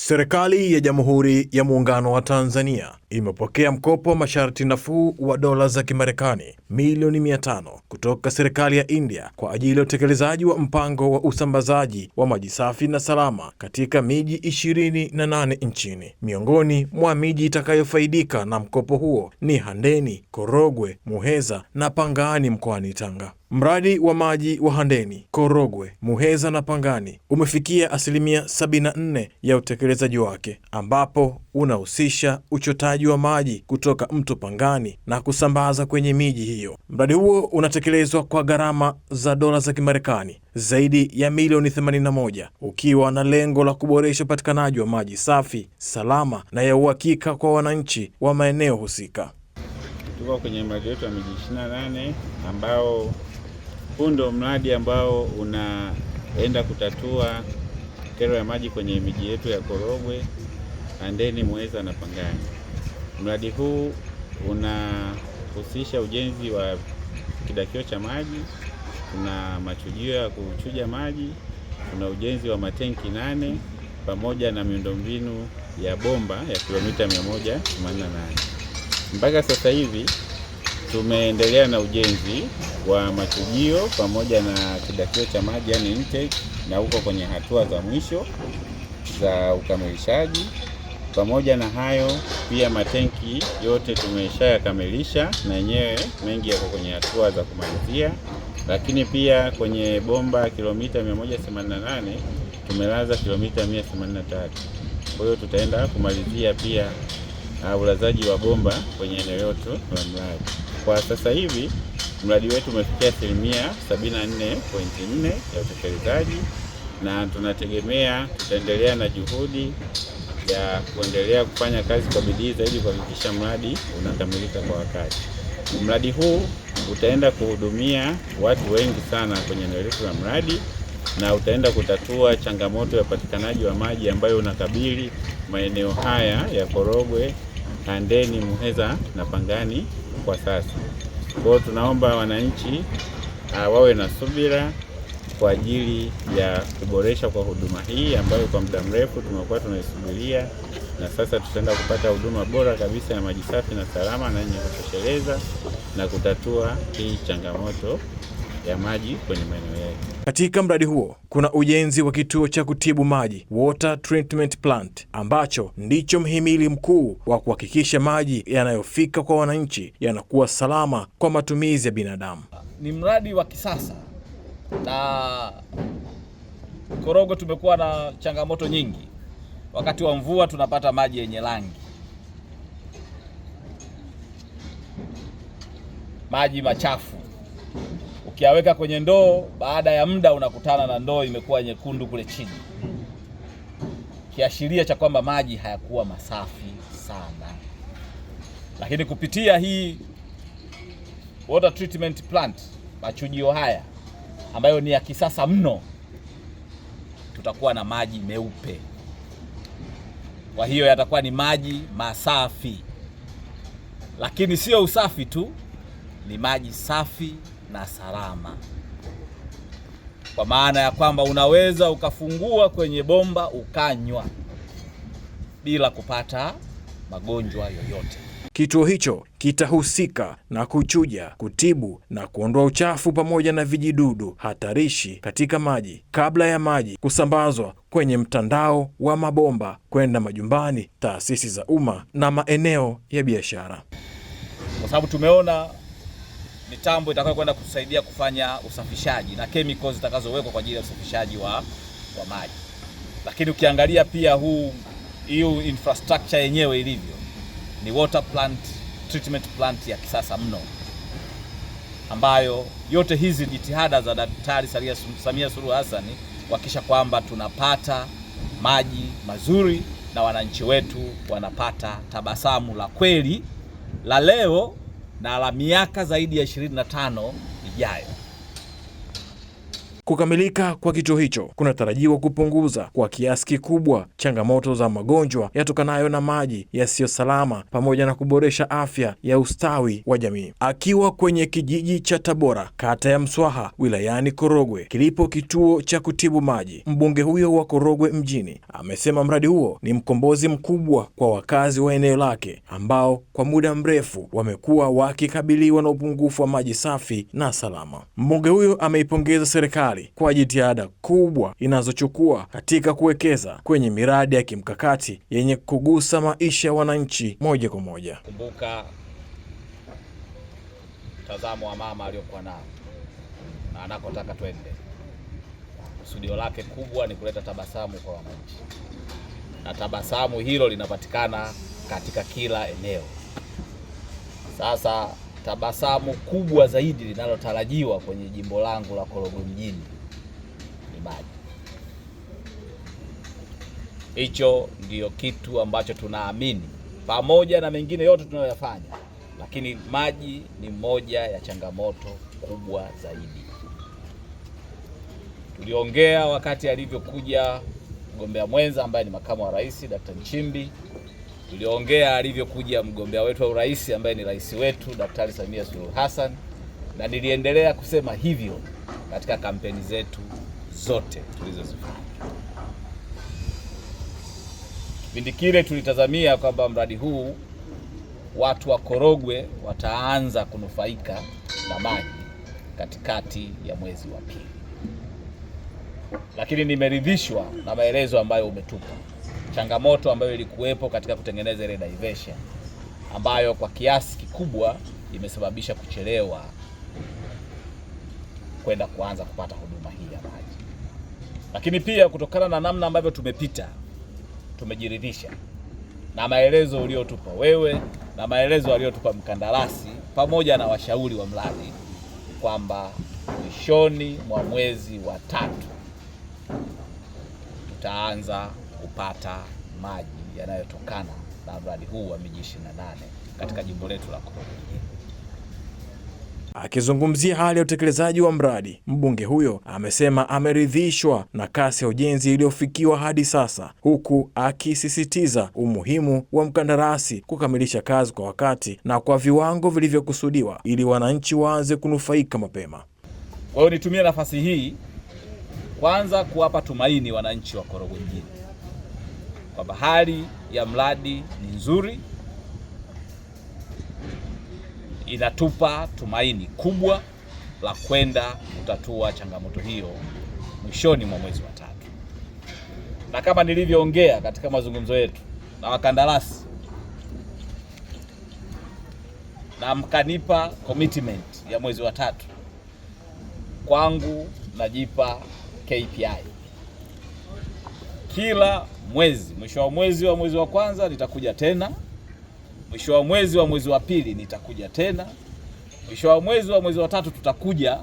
Serikali ya Jamhuri ya Muungano wa Tanzania imepokea mkopo wa masharti nafuu wa dola za Kimarekani milioni 500 kutoka serikali ya India kwa ajili ya utekelezaji wa mpango wa usambazaji wa maji safi na salama katika miji 28 nchini. Miongoni mwa miji itakayofaidika na mkopo huo ni Handeni, Korogwe, Muheza na Pangani mkoani Tanga. Mradi wa maji wa Handeni, Korogwe, Muheza na Pangani umefikia asilimia 74 ya utekelezaji wake ambapo unahusisha uchotaji upatikanaji wa maji kutoka mto Pangani na kusambaza kwenye miji hiyo. Mradi huo unatekelezwa kwa gharama za dola za Kimarekani zaidi ya milioni 81 ukiwa na lengo la kuboresha upatikanaji wa maji safi, salama na ya uhakika kwa wananchi wa maeneo husika. Tuko kwenye mradi wetu wa miji 28 ambao huu ndio mradi ambao unaenda kutatua kero ya maji kwenye miji yetu ya Korogwe, Handeni, Muheza na Pangani. Mradi huu unahusisha ujenzi wa kidakio cha maji, kuna machujio ya kuchuja maji, kuna ujenzi wa matenki nane pamoja na miundombinu ya bomba ya kilomita 188. Mpaka sasa hivi tumeendelea na ujenzi wa machujio pamoja na kidakio cha maji yani intake, na uko kwenye hatua za mwisho za ukamilishaji. Pamoja na hayo pia matenki yote tumeshayakamilisha na yenyewe mengi yako kwenye hatua za kumalizia, lakini pia kwenye bomba kilomita 188 tumelaza kilomita 183. Kwa hiyo tutaenda kumalizia pia uh, ulazaji wa bomba kwenye eneo letu la mradi. Kwa sasa hivi mradi wetu umefikia asilimia 74.4 ya utekelezaji na tunategemea tutaendelea na juhudi ya kuendelea kufanya kazi kwa bidii zaidi kuhakikisha mradi unakamilika kwa wakati. Mradi huu utaenda kuhudumia watu wengi sana kwenye eneo letu la mradi na utaenda kutatua changamoto ya upatikanaji wa maji ambayo unakabili maeneo haya ya Korogwe, Handeni, Muheza na Pangani kwa sasa. Kwa hiyo tunaomba wananchi ah, wawe na subira kwa ajili ya kuboresha kwa huduma hii ambayo kwa muda mrefu tumekuwa tunaisubiria, na sasa tutaenda kupata huduma bora kabisa ya maji safi na salama na yenye kutosheleza na kutatua hii changamoto ya maji kwenye maeneo yetu. Katika mradi huo kuna ujenzi wa kituo cha kutibu maji water treatment plant, ambacho ndicho mhimili mkuu wa kuhakikisha maji yanayofika kwa wananchi yanakuwa salama kwa matumizi ya binadamu. Ni mradi wa kisasa na Korogwe tumekuwa na changamoto nyingi. Wakati wa mvua tunapata maji yenye rangi, maji machafu. Ukiyaweka kwenye ndoo, baada ya muda unakutana na ndoo imekuwa nyekundu kule chini, kiashiria cha kwamba maji hayakuwa masafi sana. Lakini kupitia hii water treatment plant, machujio haya ambayo ni ya kisasa mno, tutakuwa na maji meupe. Kwa hiyo yatakuwa ni maji masafi, lakini sio usafi tu, ni maji safi na salama, kwa maana ya kwamba unaweza ukafungua kwenye bomba ukanywa bila kupata magonjwa yoyote. Kituo hicho kitahusika na kuchuja, kutibu na kuondoa uchafu pamoja na vijidudu hatarishi katika maji kabla ya maji kusambazwa kwenye mtandao wa mabomba kwenda majumbani, taasisi za umma na maeneo ya biashara, kwa sababu tumeona mitambo itakayokwenda kusaidia kufanya usafishaji na chemicals zitakazowekwa kwa ajili ya usafishaji wa, wa maji. Lakini ukiangalia pia huu hiyo infrastructure yenyewe ilivyo ni water plant, treatment plant ya kisasa mno ambayo yote hizi jitihada za Daktari Samia Suluhu Hassan kuhakikisha kwamba tunapata maji mazuri na wananchi wetu wanapata tabasamu la kweli la leo na la miaka zaidi ya 25 ijayo. Kukamilika kwa kituo hicho kunatarajiwa kupunguza kwa kiasi kikubwa changamoto za magonjwa yatokanayo na maji yasiyo salama pamoja na kuboresha afya ya ustawi wa jamii. Akiwa kwenye kijiji cha Tabora, kata ya Mswaha, wilayani Korogwe, kilipo kituo cha kutibu maji, mbunge huyo wa Korogwe mjini amesema mradi huo ni mkombozi mkubwa kwa wakazi wa eneo lake ambao kwa muda mrefu wamekuwa wakikabiliwa na upungufu wa maji safi na salama. Mbunge huyo ameipongeza serikali serikali kwa jitihada kubwa inazochukua katika kuwekeza kwenye miradi ya kimkakati yenye kugusa maisha ya wananchi moja kwa moja. Kumbuka mtazamo wa mama aliyokuwa nao na anakotaka twende. Kusudio lake kubwa ni kuleta tabasamu kwa wananchi, na tabasamu hilo linapatikana katika kila eneo. Sasa tabasamu kubwa zaidi linalotarajiwa kwenye jimbo langu la Korogwe mjini ni maji. Hicho ndiyo kitu ambacho tunaamini, pamoja na mengine yote tunayoyafanya, lakini maji ni moja ya changamoto kubwa zaidi. Tuliongea wakati alivyokuja mgombea mwenza ambaye ni makamu wa rais Dr. Nchimbi tuliongea alivyokuja mgombea wetu wa urais ambaye ni rais wetu Daktari Samia Suluhu Hassan, na niliendelea kusema hivyo katika kampeni zetu zote tulizozifanya. Kipindi kile tulitazamia kwamba mradi huu watu wa Korogwe wataanza kunufaika na maji katikati ya mwezi wa pili, lakini nimeridhishwa na maelezo ambayo umetupa changamoto ambayo ilikuwepo katika kutengeneza ile diversion ambayo kwa kiasi kikubwa imesababisha kuchelewa kwenda kuanza kupata huduma hii ya maji, lakini pia kutokana na namna ambavyo tumepita tumejiridhisha na maelezo uliotupa wewe na maelezo aliyotupa mkandarasi pamoja na washauri wa mradi kwamba mwishoni mwa mwezi wa tatu tutaanza kupata maji yanayotokana na mradi huu wa miji 28 katika jimbo letu la Korogwe mjini. Akizungumzia hali ya utekelezaji wa mradi, mbunge huyo amesema ameridhishwa na kasi ya ujenzi iliyofikiwa hadi sasa, huku akisisitiza umuhimu wa mkandarasi kukamilisha kazi kwa wakati na kwa viwango vilivyokusudiwa ili wananchi waanze kunufaika mapema. Kwa hiyo nitumie nafasi hii kwanza kuwapa tumaini wananchi wa Korogwe mjini kwamba hali ya mradi ni nzuri, inatupa tumaini kubwa la kwenda kutatua changamoto hiyo mwishoni mwa mwezi wa tatu, na kama nilivyoongea katika mazungumzo yetu na wakandarasi na mkanipa commitment ya mwezi wa tatu, kwangu najipa KPI kila mwezi. Mwisho wa mwezi wa mwezi wa kwanza nitakuja tena, mwisho wa mwezi wa mwezi wa pili nitakuja tena, mwisho wa mwezi wa mwezi wa tatu tutakuja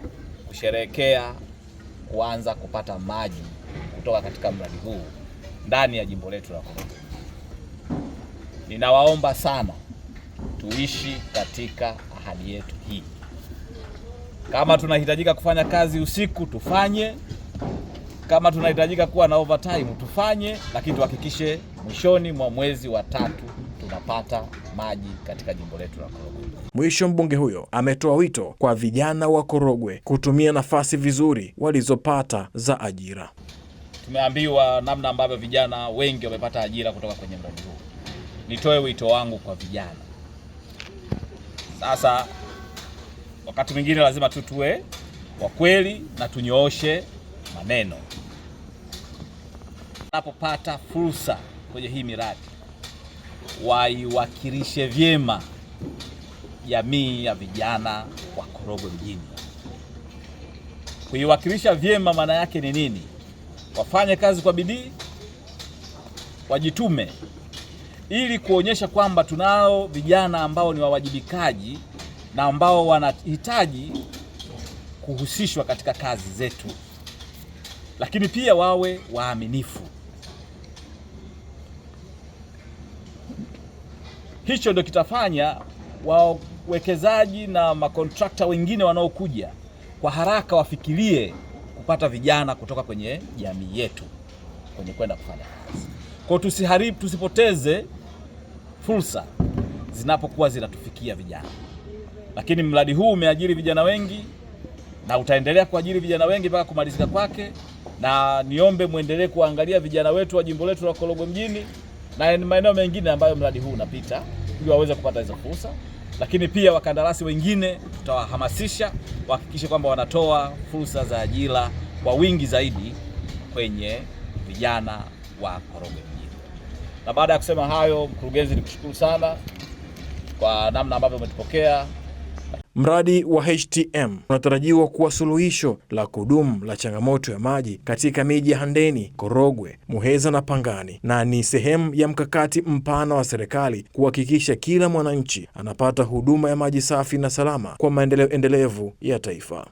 kusherehekea kuanza kupata maji kutoka katika mradi huu ndani ya jimbo letu la Korogwe. Ninawaomba sana tuishi katika ahadi yetu hii. Kama tunahitajika kufanya kazi usiku tufanye, kama tunahitajika kuwa na overtime tufanye, lakini tuhakikishe mwishoni mwa mwezi wa tatu tunapata maji katika jimbo letu la Korogwe. Mwisho, mbunge huyo ametoa wito kwa vijana wa Korogwe kutumia nafasi vizuri walizopata za ajira. Tumeambiwa namna ambavyo vijana wengi wamepata ajira kutoka kwenye mradi huu. Nitoe wito wangu kwa vijana sasa, wakati mwingine lazima tutuwe wa kweli na tunyooshe maneno wanapopata fursa kwenye hii miradi waiwakilishe vyema jamii ya vijana wa Korogwe mjini. Kuiwakilisha vyema maana yake ni nini? Wafanye kazi kwa bidii, wajitume ili kuonyesha kwamba tunao vijana ambao ni wawajibikaji na ambao wanahitaji kuhusishwa katika kazi zetu, lakini pia wawe waaminifu. hicho ndio kitafanya wawekezaji na makontrakta wengine wanaokuja kwa haraka wafikirie kupata vijana kutoka kwenye jamii yetu kwenye kwenda kufanya kazi. kwao tusiharibu, tusipoteze fursa zinapokuwa zinatufikia vijana. Lakini mradi huu umeajiri vijana wengi na utaendelea kuajiri vijana wengi mpaka kumalizika kwake, na niombe mwendelee kuangalia vijana wetu wa jimbo letu la Korogwe mjini na maeneo mengine ambayo mradi huu unapita ili waweze kupata hizo fursa, lakini pia wakandarasi wengine tutawahamasisha wahakikishe kwamba wanatoa fursa za ajira kwa wingi zaidi kwenye vijana wa Korogwe mjini. Na baada ya kusema hayo, mkurugenzi, nikushukuru sana kwa namna ambavyo umetupokea. Mradi wa HTM unatarajiwa kuwa suluhisho la kudumu la changamoto ya maji katika miji ya Handeni, Korogwe, Muheza na Pangani na ni sehemu ya mkakati mpana wa serikali kuhakikisha kila mwananchi anapata huduma ya maji safi na salama kwa maendeleo endelevu ya taifa.